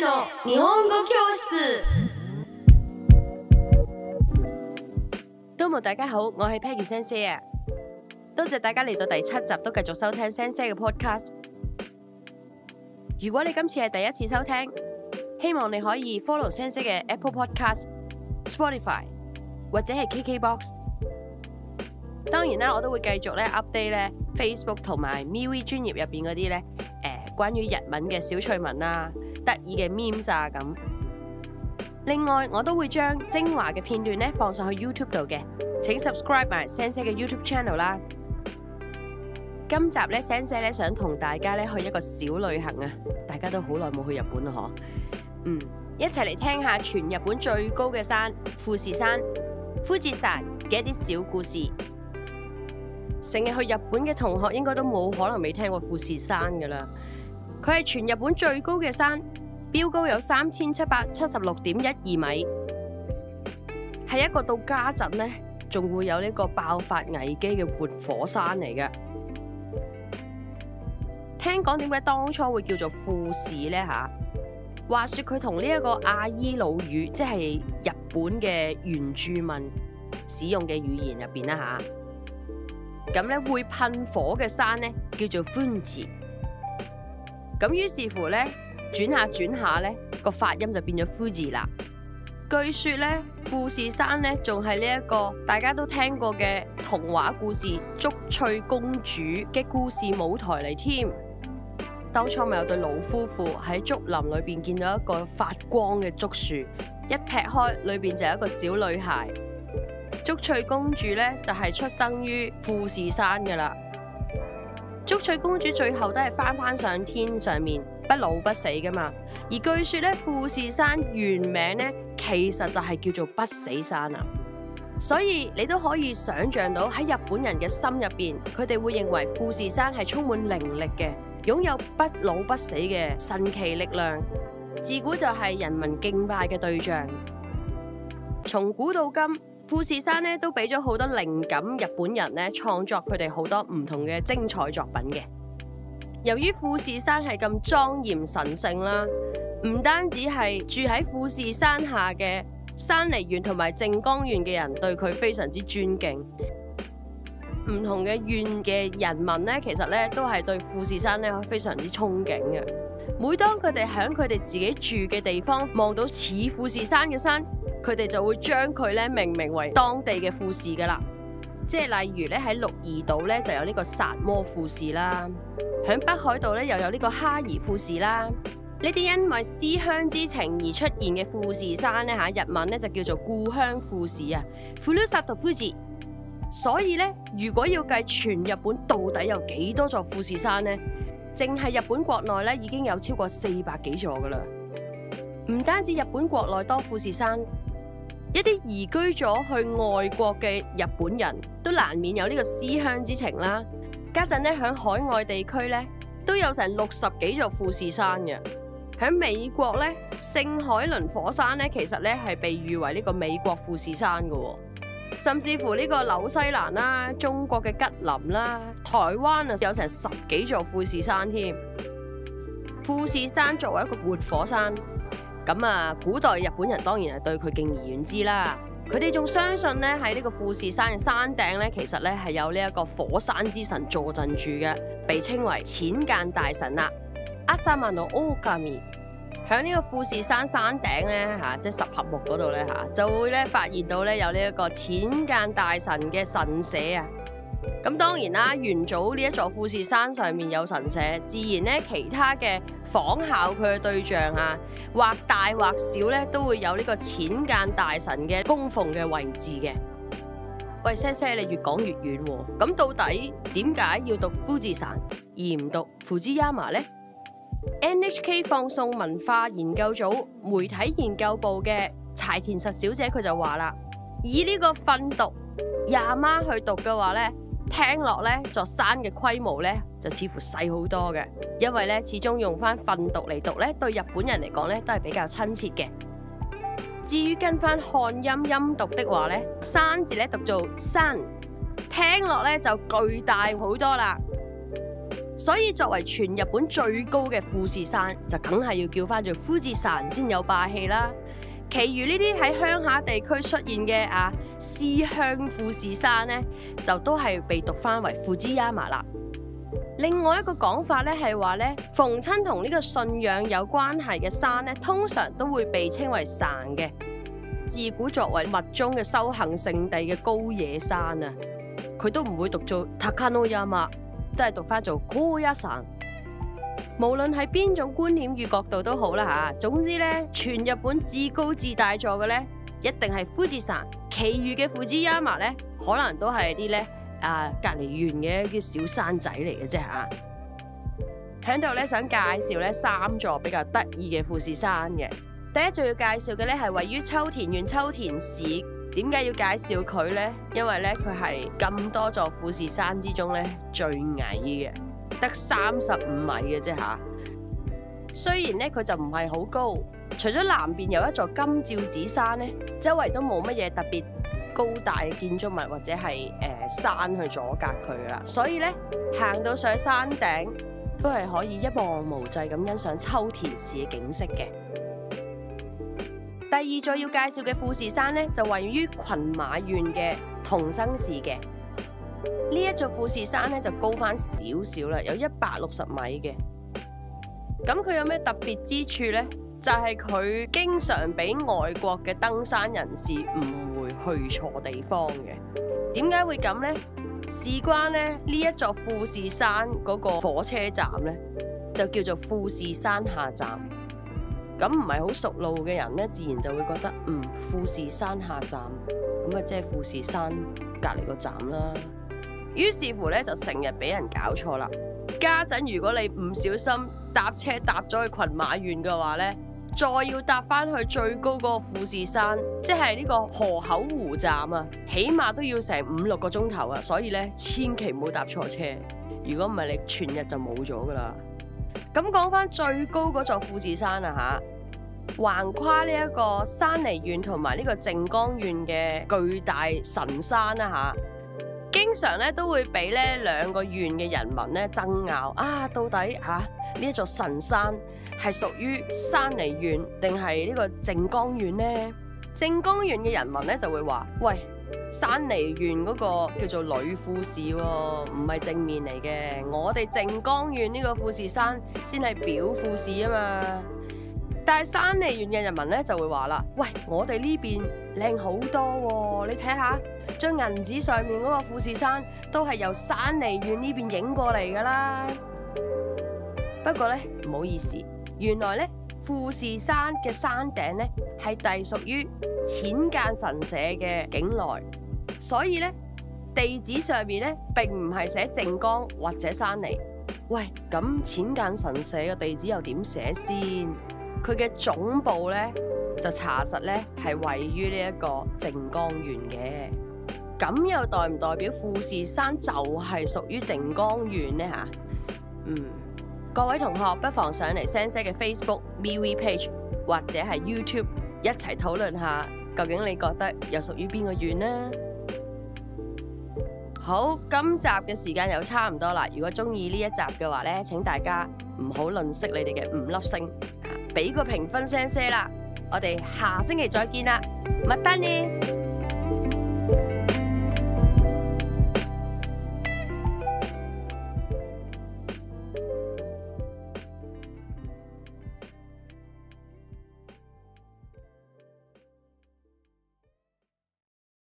的日本都大家好，我係 Peggy 先生啊。多謝大家嚟到第七集都繼續收聽 Sensei 嘅 Podcast。如果你今次係第一次收聽，希望你可以 follow Sensei 嘅 Apple Podcast、Spotify 或者係 KKBox。當然啦，我都會繼續咧 update 咧 Facebook 同埋 MeWe 專頁入邊嗰啲咧誒，關於日文嘅小趣聞啦、啊。得意嘅 memes 咁，啊，另外我都會將精華嘅片段咧放上去 YouTube 度嘅，請 subscribe 埋 Sensei 嘅 YouTube channel 啦。今集咧 Sensei 咧想同大家咧去一個小旅行啊，大家都好耐冇去日本啦嗬，嗯，一齊嚟聽下全日本最高嘅山富士山，富士山嘅一啲小故事。成日去日本嘅同學應該都冇可能未聽過富士山噶啦。佢係全日本最高嘅山，標高有三千七百七十六點一二米，係一個到家陣呢，仲會有呢個爆發危機嘅活火山嚟嘅。聽講，點解當初會叫做富士呢？吓？話說佢同呢一個阿伊努語，即係日本嘅原住民使用嘅語言入邊啦吓。咁咧會噴火嘅山呢，叫做寬治。咁於是乎咧，轉下轉下咧，個發音就變咗富士啦。據說咧，富士山咧仲係呢一個大家都聽過嘅童話故事《竹翠公主》嘅故事舞台嚟添。當初咪有對老夫婦喺竹林裏邊見到一個發光嘅竹樹，一劈開裏邊就有一個小女孩。竹翠公主咧就係出生於富士山噶啦。竹取公主最後都係返返上天上面不老不死㗎嘛，而據說咧，富士山原名咧其實就係叫做不死山啊，所以你都可以想象到喺日本人嘅心入面，佢哋會認為富士山係充滿靈力嘅，擁有不老不死嘅神奇力量，自古就係人民敬拜嘅對象，從古到今。富士山咧都俾咗好多靈感，日本人咧創作佢哋好多唔同嘅精彩作品嘅。由於富士山係咁莊嚴神聖啦，唔單止係住喺富士山下嘅山梨縣同埋靜岡縣嘅人對佢非常之尊敬，唔同嘅縣嘅人民咧，其實咧都係對富士山咧非常之憧憬嘅。每當佢哋喺佢哋自己住嘅地方望到似富士山嘅山，佢哋就會將佢咧命名為當地嘅富士噶啦，即係例如咧喺鹿兒島咧就有呢個薩摩富士啦，喺北海道咧又有呢個哈爾富士啦。呢啲因為思鄉之情而出現嘅富士山咧嚇，日文咧就叫做故鄉富士啊，ふるさと富士。所以咧，如果要計全日本到底有幾多座富士山咧，淨係日本國內咧已經有超過四百幾座噶啦。唔單止日本國內多富士山。一啲移居咗去外國嘅日本人都難免有呢個思鄉之情啦。家陣咧響海外地區咧都有成六十幾座富士山嘅。喺美國咧聖海倫火山咧其實咧係被譽為呢個美國富士山嘅。甚至乎呢個紐西蘭啦、中國嘅吉林啦、台灣啊有成十幾座富士山添。富士山作為一個活火山。咁啊，古代日本人當然係對佢敬而遠之啦。佢哋仲相信咧喺呢個富士山嘅山頂咧，其實咧係有呢一個火山之神坐鎮住嘅，被稱為淺間大神啦，阿薩萬奴奧伽米。響呢個富士山山頂咧，嚇即係十合目嗰度咧，嚇就會咧發現到咧有呢一個淺間大神嘅神社啊。咁當然啦，元祖呢一座富士山上面有神社，自然咧其他嘅仿效佢嘅對象啊，或大或小咧，都會有呢個淺間大神嘅供奉嘅位置嘅。喂，sensei，你越講越遠喎。咁到底點解要讀富士山而唔讀富士亞麻咧？NHK 放送文化研究組媒體研究部嘅柴田實小姐，佢就話啦：以呢個訓讀亞麻去讀嘅話咧。聽落咧座山嘅規模咧就似乎細好多嘅，因為咧始終用翻訓讀嚟讀咧，對日本人嚟講咧都係比較親切嘅。至於跟翻漢音音讀的話咧，山字咧讀做山，聽落咧就巨大好多啦。所以作為全日本最高嘅富士山，就梗係要叫翻做富士山先有霸氣啦。其餘呢啲喺鄉下地區出現嘅啊，思鄉富士山咧，就都係被讀翻為ふじやま啦。另外一個講法咧係話咧，逢親同呢個信仰有關係嘅山咧，通常都會被稱為山嘅。自古作為密宗嘅修行聖地嘅高野山啊，佢都唔會讀做たかのやま，都係讀翻做高野山。無論係邊種觀念與角度都好啦吓，總之咧，全日本至高至大座嘅咧，一定係富士山，其餘嘅富士やま咧，可能都係啲咧，啊，隔籬縣嘅一啲小山仔嚟嘅啫吓。喺度咧想介紹咧三座比較得意嘅富士山嘅，第一座要介紹嘅咧係位於秋田縣秋田市。點解要介紹佢咧？因為咧佢係咁多座富士山之中咧最矮嘅。得三十五米嘅啫吓，雖然咧佢就唔係好高，除咗南邊有一座金照寺山咧，周圍都冇乜嘢特別高大嘅建築物或者係誒山去阻隔佢啦，所以咧行到上山頂都係可以一望無際咁欣賞秋田市嘅景色嘅。第二座要介紹嘅富士山咧，就位於群馬縣嘅桐生市嘅。呢一座富士山咧就高翻少少啦，有一百六十米嘅。咁佢有咩特別之處呢？就係佢經常俾外國嘅登山人士誤會去錯地方嘅。點解會咁呢？事關呢，呢一座富士山嗰個火車站呢，就叫做富士山下站。咁唔係好熟路嘅人呢，自然就會覺得，嗯，富士山下站咁啊，即係富士山隔籬個站啦。於是乎咧，就成日俾人搞錯啦。家陣如果你唔小心搭車搭咗去群馬縣嘅話呢，再要搭翻去最高嗰個富士山，即係呢個河口湖站啊，起碼都要成五六個鐘頭啊。所以呢，千祈唔好搭錯車。如果唔係，你全日就冇咗噶啦。咁講翻最高嗰座富士山啊，吓，橫跨呢一個山梨縣同埋呢個靜岡縣嘅巨大神山啦，吓、啊。經常咧都會俾咧兩個縣嘅人民咧爭拗啊！到底吓呢、啊、一座神山係屬於山梨縣定係呢個靜岡縣呢？」「靜岡縣嘅人民咧就會話：，喂，山梨縣嗰個叫做女富士喎，唔係正面嚟嘅，我哋靜岡縣呢個富士山先係表富士啊嘛。但係山梨縣嘅人民咧就會話啦，喂，我哋呢邊靚好多喎，你睇下，張銀紙上面嗰個富士山都係由山梨縣呢邊影過嚟噶啦。不過咧唔好意思，原來咧富士山嘅山頂咧係隸屬於淺間神社嘅境內，所以咧地址上面咧並唔係寫靜岡或者山梨。喂，咁淺間神社嘅地址又點寫先？佢嘅總部呢，就查實呢，係位於呢一個靜岡縣嘅，咁又代唔代表富士山就係屬於靜岡縣呢？吓，嗯，各位同學不妨上嚟聲聲嘅 Facebook MeWe page 或者係 YouTube 一齊討論下，究竟你覺得又屬於邊個縣呢？好，今集嘅時間又差唔多啦。如果中意呢一集嘅話呢，請大家唔好吝惜你哋嘅五粒星。畀個評分聲聲啦！我哋下星期再見啦，麥丹尼。